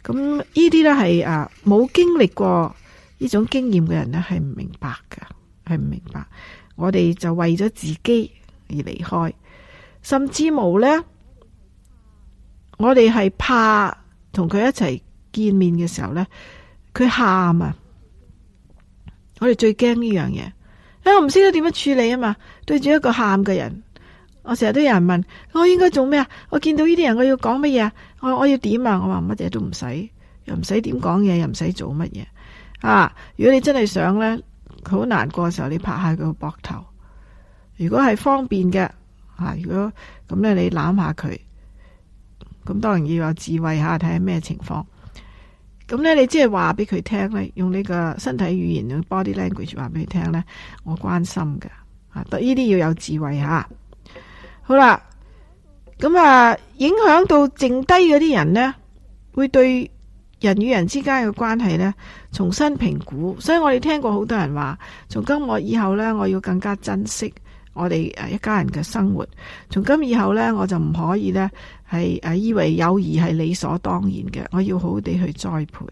咁呢啲呢係啊，冇經歷過呢種經驗嘅人呢係唔明白㗎。係唔明白。我哋就為咗自己而離開，甚至冇呢。我哋係怕同佢一齊見面嘅時候呢，佢喊啊！我哋最驚呢樣嘢，我唔識得點樣處理啊嘛！對住一個喊嘅人，我成日都有人問我應該做咩啊？我見到呢啲人，我要講乜嘢啊？我我要點啊？我話乜嘢都唔使，又唔使點講嘢，又唔使做乜嘢啊！如果你真係想咧，好難過嘅時候，你拍下佢個膊頭。如果係方便嘅吓，啊，如果咁咧，你攬下佢，咁當然要有智慧下睇下咩情況。咁咧，你即係話俾佢聽咧，用呢個身體語言，用 body language 話俾佢聽咧，我關心噶吓，得呢啲要有智慧吓。好啦，咁啊，影響到剩低嗰啲人咧，會對人與人之間嘅關係咧重新評估。所以我哋聽過好多人話，從今我以後咧，我要更加珍惜。我哋誒，一家人嘅生活從今以後呢，我就唔可以呢係誒，以為友誼係理所當然嘅。我要好好地去栽培、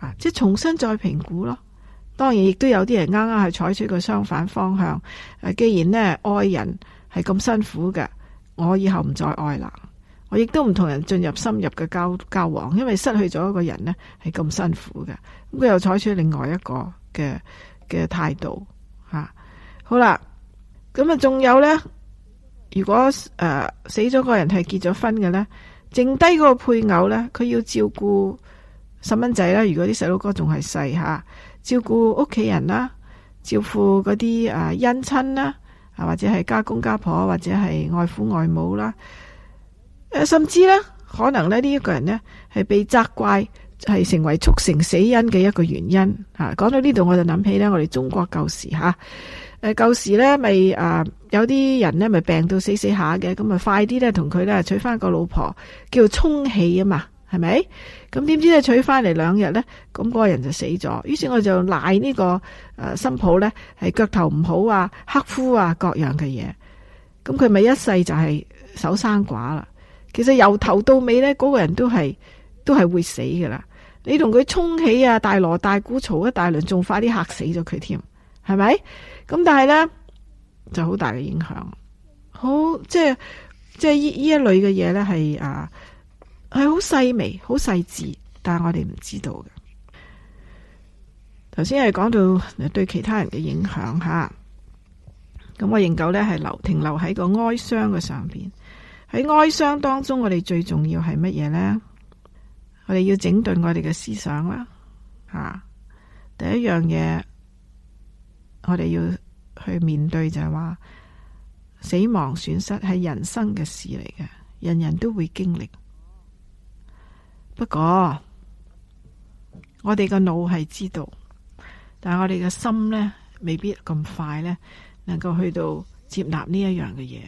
啊、即係重新再評估咯。當然，亦都有啲人啱啱係採取一個相反方向誒、啊。既然呢愛人係咁辛苦嘅，我以後唔再愛啦。我亦都唔同人進入深入嘅交交往，因為失去咗一個人呢係咁辛苦嘅。咁佢又採取另外一個嘅嘅態度吓、啊。好啦。咁啊，仲有呢？如果誒、呃、死咗個人係結咗婚嘅呢，剩低個配偶呢，佢要照顧細蚊仔啦。如果啲細佬哥仲係細吓，照顧屋企人啦，照顧嗰啲誒姻親啦，啊，啊或者係家公家婆或者係外父外母啦、啊，甚至呢，可能呢，呢、這、一個人呢，係被責怪，係成為促成死因嘅一個原因。吓、啊，講到呢度我就諗起呢，我哋中國舊時吓。啊誒，舊時咧，咪誒有啲人咧，咪病到死死下嘅，咁啊快啲咧同佢咧娶翻個老婆，叫做沖喜啊嘛，係咪？咁點知咧娶翻嚟兩日咧，咁、那、嗰個人就死咗。於是我就賴呢個誒新抱咧，係腳頭唔好啊、剋夫啊各樣嘅嘢。咁佢咪一世就係守生寡啦。其實由頭到尾咧，嗰、那個人都係都係會死噶啦。你同佢沖喜啊，大鑼大鼓嘈啊，吵一大輪仲快啲嚇死咗佢添，係咪？咁但係咧就好大嘅影響，好即係即係依一類嘅嘢咧係啊係好細微、好細緻，但係我哋唔知道嘅。頭先係講到對其他人嘅影響吓，咁我仍舊咧係留停留喺個哀傷嘅上邊。喺哀傷當中，我哋最重要係乜嘢咧？我哋要整頓我哋嘅思想啦，吓，啊，第一樣嘢。我哋要去面對就係話死亡損失係人生嘅事嚟嘅，人人都會經歷。不過我哋個腦係知道，但係我哋嘅心呢未必咁快呢能夠去到接納呢一樣嘅嘢，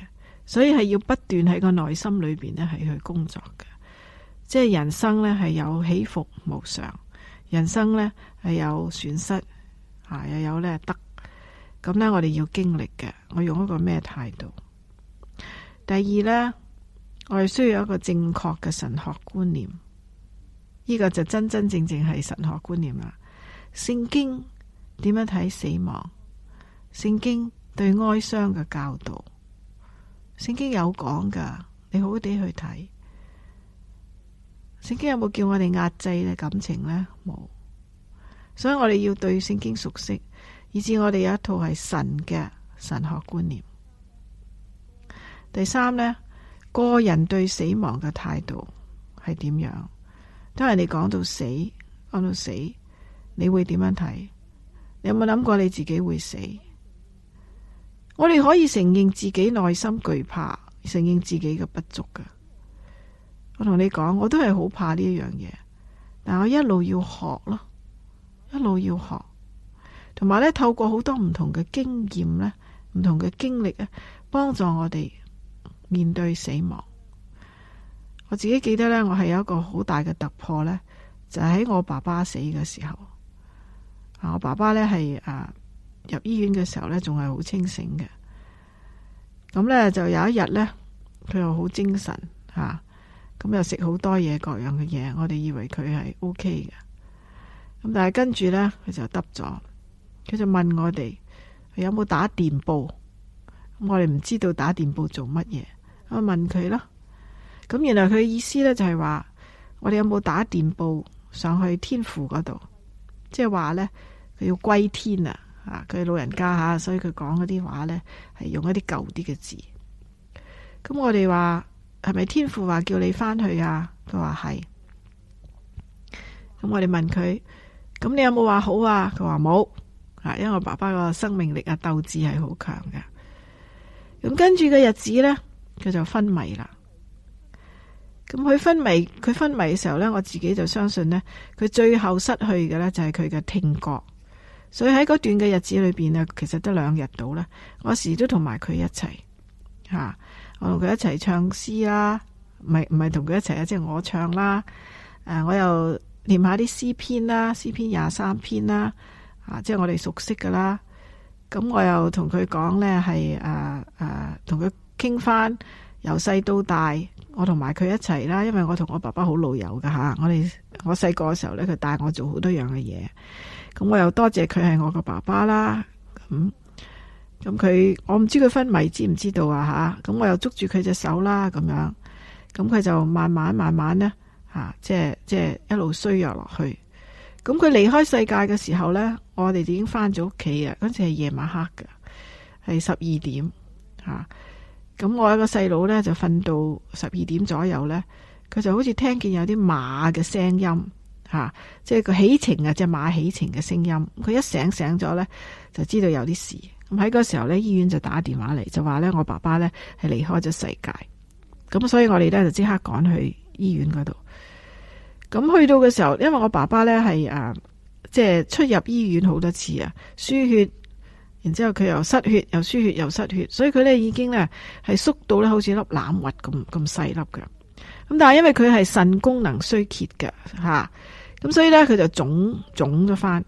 所以係要不斷喺個內心裏邊呢係去工作嘅。即係人生呢係有起伏無常，人生呢係有損失又、啊、有呢。得。咁咧，我哋要經歷嘅，我用一個咩態度？第二咧，我哋需要一個正確嘅神學觀念，呢個就真真正正係神學觀念啦。聖經點樣睇死亡？聖經對哀傷嘅教導，聖經有講噶，你好好地去睇。聖經有冇叫我哋壓制嘅感情咧？冇，所以我哋要對聖經熟悉。以致我哋有一套係神嘅神學觀念。第三呢，個人對死亡嘅態度係點樣？當人哋講到死，講到死，你會點樣睇？你有冇諗過你自己會死？我哋可以承認自己內心懼怕，承認自己嘅不足噶。我同你講，我都係好怕呢樣嘢，但我一路要學咯，一路要學。同埋咧，透過好多唔同嘅經驗咧，唔同嘅經歷咧，幫助我哋面對死亡。我自己記得咧，我係有一個好大嘅突破咧，就喺、是、我爸爸死嘅時候啊。我爸爸咧係、啊、入醫院嘅時候咧，仲係好清醒嘅。咁咧就有一日咧，佢又好精神吓，咁、啊、又食好多嘢，各樣嘅嘢。我哋以為佢係 O K 嘅，咁但係跟住咧，佢就得咗。佢就問我哋佢有冇打電報，我哋唔知道打電報做乜嘢，咁問佢囉。咁原來佢意思咧就係話我哋有冇打電報上去天父嗰度，即係話咧佢要歸天啊。啊，佢老人家嚇，所以佢講嗰啲話咧係用一啲舊啲嘅字。咁我哋話係咪天父話叫你翻去啊？佢話係。咁我哋問佢，咁你有冇話好啊？佢話冇。啊，因為我爸爸個生命力啊，鬥志係好強嘅。咁跟住嘅日子呢，佢就昏迷啦。咁佢昏迷，佢昏迷嘅時候呢，我自己就相信呢，佢最後失去嘅呢，就係佢嘅聽覺。所以喺嗰段嘅日子裏邊呢，其實得兩日到啦。我時都同埋佢一齊吓、啊，我同佢一齊唱詩啦，唔係唔係同佢一齊啊，即係我唱啦。誒、呃，我又念下啲詩篇啦，詩篇廿三篇啦。啊，即係我哋熟悉噶啦，咁我又同佢講呢，係誒誒，同佢傾翻由細到大，我同埋佢一齊啦。因為我同我爸爸好老友噶吓、啊，我哋我細個嘅時候呢，佢帶我做好多樣嘅嘢，咁我又多謝佢係我個爸爸啦。咁咁佢，我唔知佢昏迷知唔知道啊吓，咁、啊、我又捉住佢隻手啦，咁樣，咁佢就慢慢慢慢呢，吓、啊，即係即係一路衰弱落去。咁佢離開世界嘅時候呢，我哋已經翻咗屋企啊！嗰陣係夜晚黑㗎，係十二點吓。咁我有個細佬呢，就瞓到十二點左右呢，佢就好似聽見有啲馬嘅聲音吓、啊，即係個起程啊，隻馬起程嘅聲音。佢一醒醒咗呢，就知道有啲事。咁喺嗰時候呢，醫院就打電話嚟，就話呢，我爸爸呢係離開咗世界。咁所以我哋呢，就即刻趕去醫院嗰度。咁去到嘅時候，因為我爸爸呢係誒，即係、啊就是，出入醫院好多次啊，輸血，然之後佢又失血，又輸血，又失血，所以佢呢已經呢係縮到呢好似粒欖核咁咁細粒嘅。咁但係因為佢係腎功能衰竭嘅吓，咁、啊、所以呢，佢就腫腫咗翻。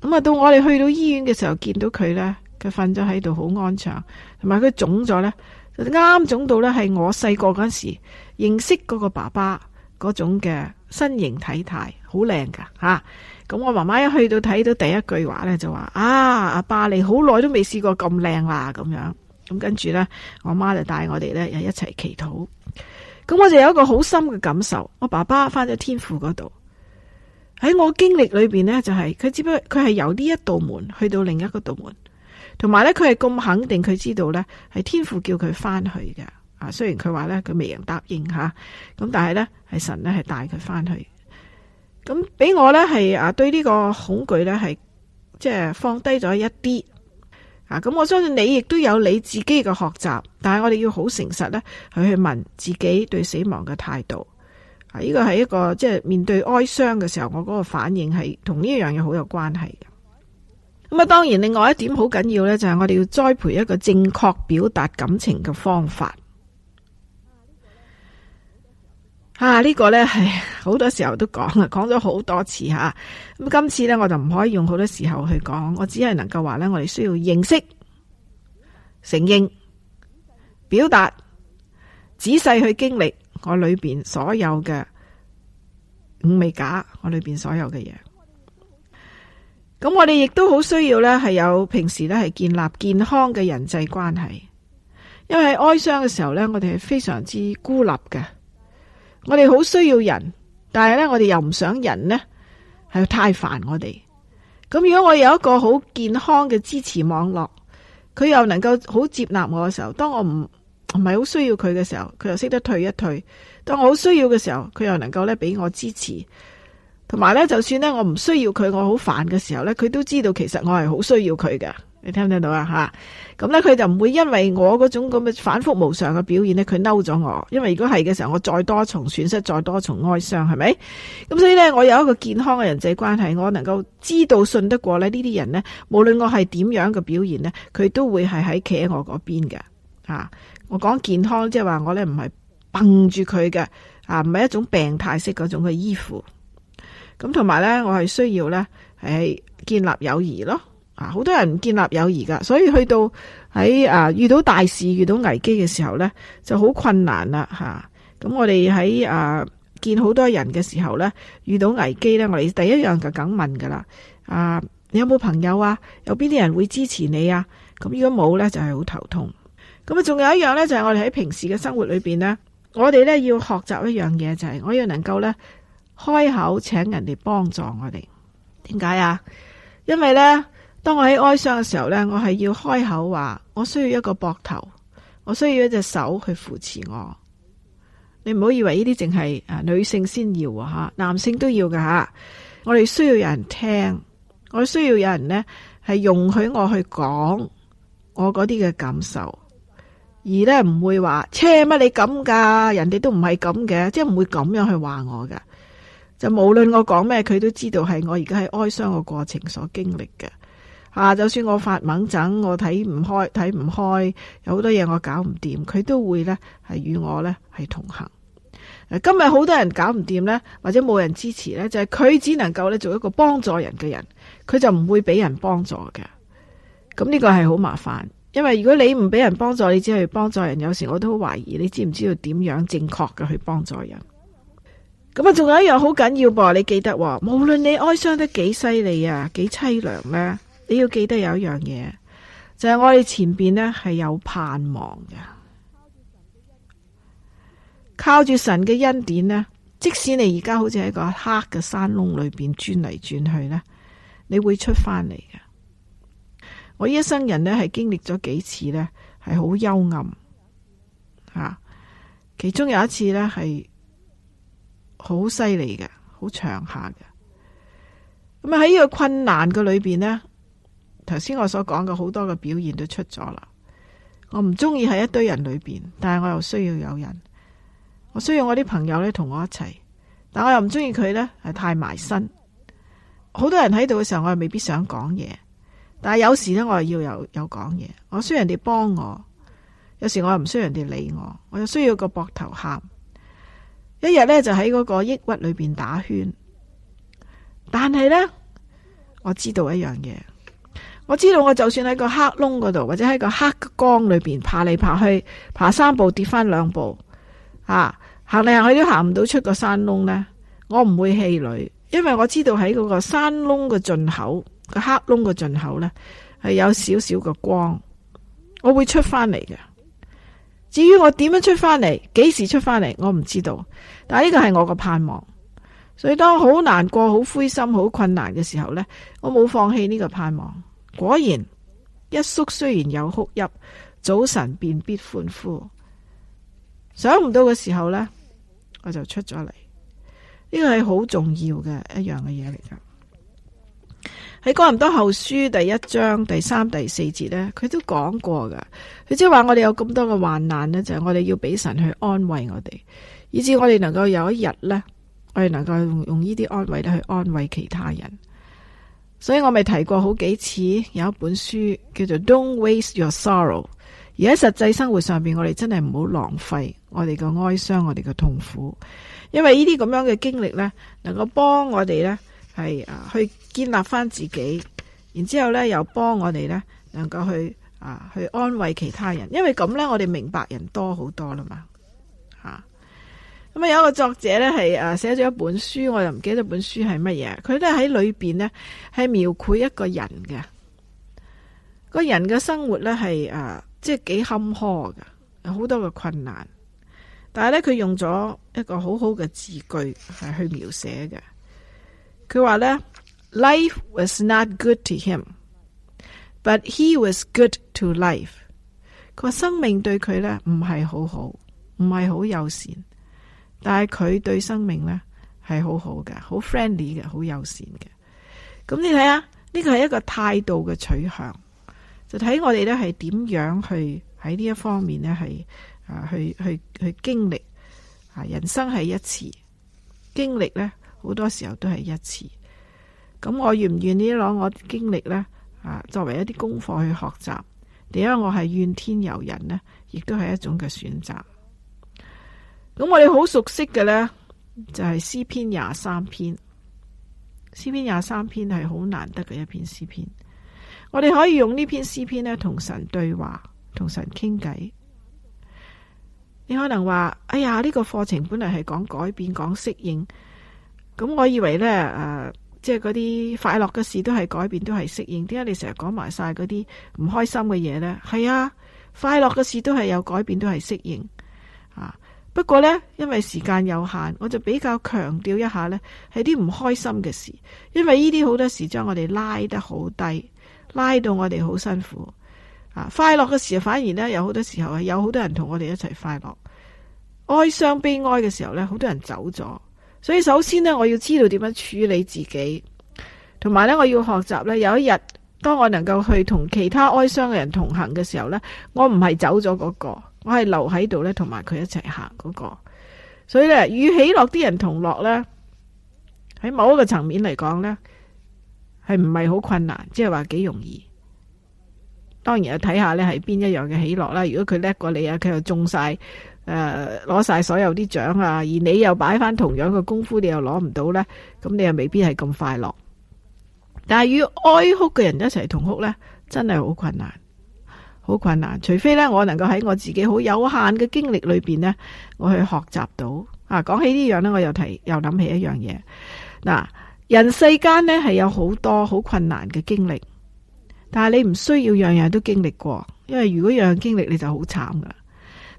咁啊，到我哋去到醫院嘅時候，見到佢呢，佢瞓咗喺度好安詳，同埋佢腫咗呢，啱腫到呢係我細個嗰時認識嗰個爸爸嗰種嘅。身形體態好靚噶吓，咁、啊、我媽媽一去到睇到第一句話呢，就話：啊，阿爸，爸你好耐都未試過咁靚啦咁樣。咁跟住呢，我媽就帶我哋呢，又一齊祈禱。咁我就有一個好深嘅感受，我爸爸翻咗天父嗰度喺我經歷裏邊呢，就係、是、佢只不過佢係由呢一道門去到另一個道門，同埋呢，佢係咁肯定佢知道呢，係天父叫佢翻去嘅。啊，雖然佢話咧佢未能答應吓，咁但係咧係神咧係帶佢翻去，咁俾我咧係啊對呢個恐懼咧係即係放低咗一啲，啊咁我相信你亦都有你自己嘅學習，但係我哋要好誠實咧去去問自己對死亡嘅態度，啊呢個係一個即係、就是、面對哀傷嘅時候我嗰個反應係同呢一樣嘢好有關係嘅。咁啊，當然另外一點好緊要咧就係、是、我哋要栽培一個正確表達感情嘅方法。啊！呢、這個呢，係好多時候都講啦，講咗好多次吓。咁今次呢，我就唔可以用好多時候去講，我只係能夠話呢，我哋需要認識、承認、表達、仔細去經歷我裏邊所有嘅五味架，我裏邊所有嘅嘢。咁我哋亦都好需要呢，係有平時呢，係建立健康嘅人際關係，因為喺哀傷嘅時候呢，我哋係非常之孤立嘅。我哋好需要人，但係咧，我哋又唔想人呢係太煩我哋。咁如果我有一個好健康嘅支持網絡，佢又能夠好接納我嘅時候，當我唔唔係好需要佢嘅時候，佢又識得退一退；當我好需要嘅時候，佢又能夠咧俾我支持。同埋咧，就算咧我唔需要佢，我好煩嘅時候咧，佢都知道其實我係好需要佢嘅。你聽唔聽到啊？吓，咁咧佢就唔會因為我嗰種咁嘅反復無常嘅表現咧，佢嬲咗我。因為如果係嘅時候，我再多重損失，再多重哀傷，係咪？咁所以咧，我有一個健康嘅人際關係，我能夠知道信得過咧呢啲人咧，無論我係點樣嘅表現咧，佢都會係喺企喺我嗰邊嘅。吓、啊，我講健康，即係話我咧唔係崩住佢嘅，啊，唔係一種病態式嗰種嘅依附。咁同埋呢，我係需要呢，係建立友誼咯。啊，好多人唔建立友誼噶，所以去到喺啊遇到大事、遇到危機嘅時候呢，就好困難啦吓。咁、啊、我哋喺啊見好多人嘅時候呢，遇到危機呢，我哋第一樣就梗問噶啦。啊，你有冇朋友啊？有邊啲人會支持你啊？咁如果冇呢，就係、是、好頭痛。咁啊，仲有一樣呢，就係、是、我哋喺平時嘅生活裏邊呢，我哋呢要學習一樣嘢，就係、是、我要能夠呢。開口請人哋幫助我哋，點解啊？因為呢，當我喺哀傷嘅時候呢，我係要開口話，我需要一個膊頭，我需要一隻手去扶持我。你唔好以為呢啲淨係女性先要吓，男性都要㗎。吓。我哋需要有人聽，我需要有人呢係容許我去講我嗰啲嘅感受，而呢唔會話車乜你咁噶，人哋都唔係咁嘅，即係唔會咁樣去話我㗎。」就無論我講咩，佢都知道係我而家喺哀傷嘅過程所經歷嘅。啊，就算我發猛症，我睇唔開，睇唔開，有好多嘢我搞唔掂，佢都會呢，係與我呢係同行。今日好多人搞唔掂呢，或者冇人支持呢，就係、是、佢只能夠咧做一個幫助人嘅人，佢就唔會俾人幫助嘅。咁呢個係好麻煩，因為如果你唔俾人幫助，你只係幫助人，有時我都懷疑你知唔知道點樣正確嘅去幫助人。咁啊，仲有一樣好緊要噃，你記得無論你哀傷得幾犀利啊，幾淒涼呢，你要記得有一樣嘢，就係我哋前邊呢係有盼望嘅，靠住神嘅恩典呢，即使你而家好似喺個黑嘅山窿裏邊轉嚟轉去呢，你會出翻嚟嘅。我一生人呢係經歷咗幾次呢，係好幽暗，其中有一次呢係。好犀利嘅，好長下嘅。咁啊，喺呢個困難嘅裏邊呢，頭先我所講嘅好多嘅表現都出咗啦。我唔中意喺一堆人裏邊，但係我又需要有人。我需要我啲朋友咧同我一齊，但我又唔中意佢呢係太埋身。好多人喺度嘅時候，我又未必想講嘢。但係有時呢，我又要有有講嘢。我需要人哋幫我，有時我又唔需要人哋理我，我又需要個膊頭喊。一日咧就喺嗰個抑鬱裏邊打圈，但係呢，我知道一樣嘢，我知道我就算喺個黑窿嗰度，或者喺個黑光裏邊爬嚟爬去，爬三步跌翻兩步，啊行嚟行去都行唔到出個山窿呢。我唔會氣餒，因為我知道喺嗰個山窿嘅進口，個黑窿嘅進口呢，係有少少嘅光，我會出翻嚟嘅。至於我點樣出返嚟，幾時出返嚟，我唔知道。但係呢個係我個盼望。所以當好難過、好灰心、好困難嘅時候呢，我冇放棄呢個盼望。果然，一宿雖然有哭泣，早晨便必歡呼。想唔到嘅時候呢，我就出咗嚟。呢個係好重要嘅一樣嘅嘢嚟。喺《哥林多後書》第一章第三、第四節呢，佢都講過噶。佢即係話我哋有咁多嘅患難呢，就係我哋要俾神去安慰我哋，以致我哋能夠有一日呢，我哋能夠用用呢啲安慰咧去安慰其他人。所以我咪提過好幾次，有一本書叫做《Don't Waste Your Sorrow》。而喺實際生活上邊，我哋真係唔好浪費我哋嘅哀傷、我哋嘅痛苦，因為呢啲咁樣嘅經歷呢，能夠幫我哋呢。係啊，去建立翻自己，然之後咧，又幫我哋呢能夠去啊去安慰其他人，因為咁呢，我哋明白人多好多啦嘛，吓。咁啊，有一個作者呢，係啊寫咗一本書，我又唔記得本書係乜嘢，佢都喺裏邊呢，係描繪一個人嘅，個人嘅生活呢係啊即係幾坎坷嘅，有好多嘅困難，但係呢，佢用咗一個好好嘅字句係去描寫嘅。佢話咧，Life was not good to him，but he was good to life。佢話生命對佢咧唔係好好，唔係好友善，但係佢對生命咧係好好嘅，好 friendly 嘅，好友善嘅。咁你睇下，呢個係一個態度嘅取向，就睇我哋咧係點樣去喺呢一方面咧係啊去去去經歷啊，人生係一次經歷咧。好多時候都係一次咁，我願唔願意攞我啲經歷呢啊，作為一啲功課去學習？點解我係怨天尤人呢亦都係一種嘅選擇。咁我哋好熟悉嘅呢，就係、是、詩篇廿三篇。詩篇廿三篇係好難得嘅一篇詩篇。我哋可以用呢篇詩篇呢，同神對話，同神傾偈。你可能話：哎呀，呢、這個課程本嚟係講改變，講適應。咁我以為呢，誒、呃，即係嗰啲快樂嘅事都係改變，都係適應。點解你成日講埋晒嗰啲唔開心嘅嘢呢？係啊，快樂嘅事都係有改變，都係適應啊。不過呢，因為時間有限，我就比較強調一下呢，係啲唔開心嘅事。因為呢啲好多時將我哋拉得好低，拉到我哋好辛苦啊。快樂嘅時候反而呢，有好多時候係有好多人同我哋一齊快樂。哀傷悲哀嘅時候呢，好多人走咗。所以首先呢，我要知道點樣處理自己，同埋呢，我要學習呢。有一日，當我能夠去同其他哀傷嘅人同行嘅時候呢，我唔係走咗嗰個，我係留喺度呢，同埋佢一齊行嗰個。所以呢，與喜樂啲人同樂呢，喺某一個層面嚟講呢，係唔係好困難？即係話幾容易。當然要睇下呢係邊一樣嘅喜樂啦。如果佢叻過你啊，佢又中晒。誒、啊，攞晒所有啲獎啊！而你又擺翻同樣嘅功夫，你又攞唔到呢，咁你又未必係咁快樂。但係與哀哭嘅人一齊同哭呢，真係好困難，好困難。除非呢，我能夠喺我自己好有限嘅經歷裏邊呢，我去學習到啊。講起呢樣呢，我又提又諗起一樣嘢。嗱，人世間呢係有好多好困難嘅經歷，但係你唔需要樣樣都經歷過，因為如果樣樣經歷，你就好慘噶。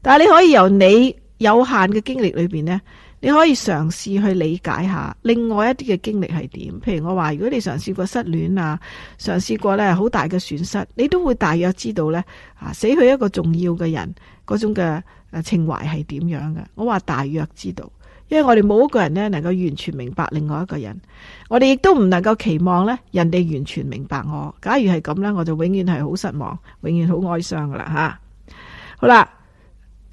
但係你可以由你有限嘅經歷裏邊呢，你可以嘗試去理解下另外一啲嘅經歷係點。譬如我話，如果你嘗試過失戀啊，嘗試過呢好大嘅損失，你都會大約知道呢，死去一個重要嘅人嗰種嘅誒情懷係點樣嘅。我話大約知道，因為我哋冇一個人呢能夠完全明白另外一個人，我哋亦都唔能夠期望呢人哋完全明白我。假如係咁呢，我就永遠係好失望，永遠好哀傷噶啦吓。好啦。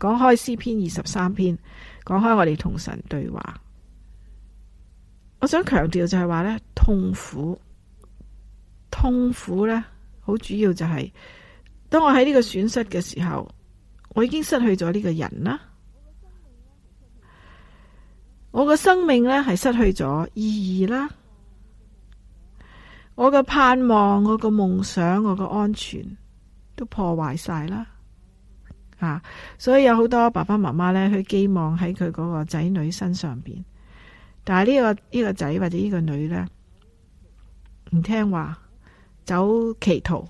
講開詩篇二十三篇，講開我哋同神對話。我想強調就係話呢痛苦、痛苦呢，好主要就係、是、當我喺呢個損失嘅時候，我已經失去咗呢個人啦，我嘅生命呢，係失去咗意義啦，我嘅盼望、我嘅夢想、我嘅安全都破壞晒啦。吓、啊，所以有好多爸爸媽媽咧，佢寄望喺佢嗰個仔女身上邊，但係呢個呢個仔或者呢個女咧唔聽話，走歧途，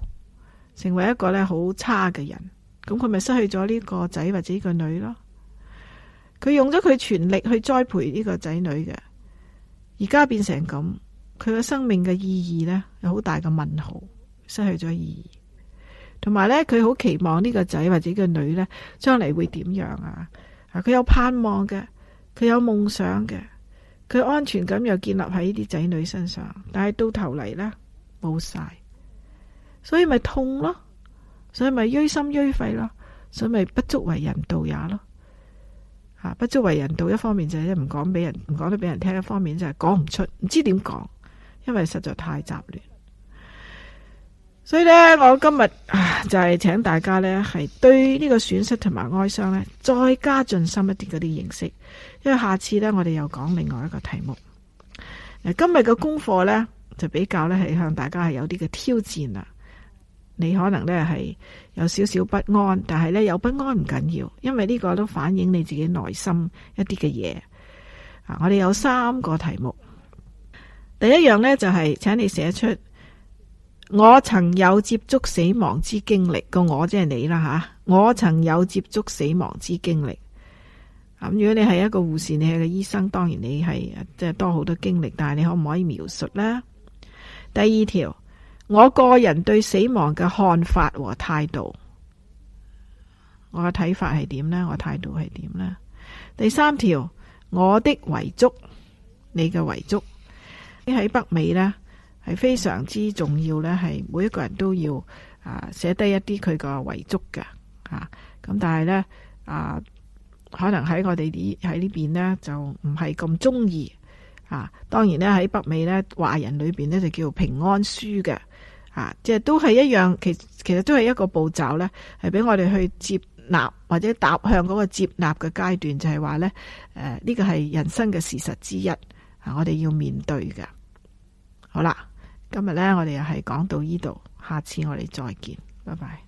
成為一個咧好差嘅人，咁佢咪失去咗呢個仔或者呢個女咯？佢用咗佢全力去栽培呢個仔女嘅，而家變成咁，佢嘅生命嘅意義咧有好大嘅問號，失去咗意義。同埋咧，佢好期望呢個仔或者個女呢將來會點樣啊？啊，佢有盼望嘅，佢有夢想嘅，佢安全感又建立喺呢啲仔女身上。但係到頭嚟呢，冇晒，所以咪痛咯，所以咪瘀心瘀肺咯，所以咪不足為人道也咯。啊，不足為人道，一方面就係唔講俾人，唔講得俾人聽，一方面就係講唔出，唔知點講，因為實在太雜亂。所以咧，我今日啊，就係請大家呢，係對呢個損失同埋哀傷呢，再加進深一啲嗰啲認識。因為下次呢，我哋又講另外一個題目。今日嘅功課呢，就比較呢，係向大家係有啲嘅挑戰啦。你可能呢係有少少不安，但係呢，有不安唔緊要，因為呢個都反映你自己內心一啲嘅嘢。啊，我哋有三個題目。第一樣呢，就係請你寫出。我曾有接觸死亡之經歷，個我即係你啦吓。我曾有接觸死亡之經歷，咁如果你係一個護士，你係個醫生，當然你係即係多好多經歷，但係你可唔可以描述呢？第二條，我個人對死亡嘅看法和態度，我嘅睇法係點呢？我態度係點呢？第三條，我的遺囑，你嘅遺囑，你喺北美呢。係非常之重要咧，係每一個人都要寫啊，寫低一啲佢個遺囑嘅。咁但係咧啊，可能喺我哋啲喺呢邊咧就唔係咁中意啊。當然咧喺北美咧華人裏邊咧就叫平安書嘅啊，即係都係一樣，其實其實都係一個步驟咧，係俾我哋去接納或者踏向嗰個接納嘅階段，就係話咧誒呢、啊，這個係人生嘅事實之一啊，我哋要面對嘅。好啦。今日呢，我哋又係講到呢度，下次我哋再見，拜拜。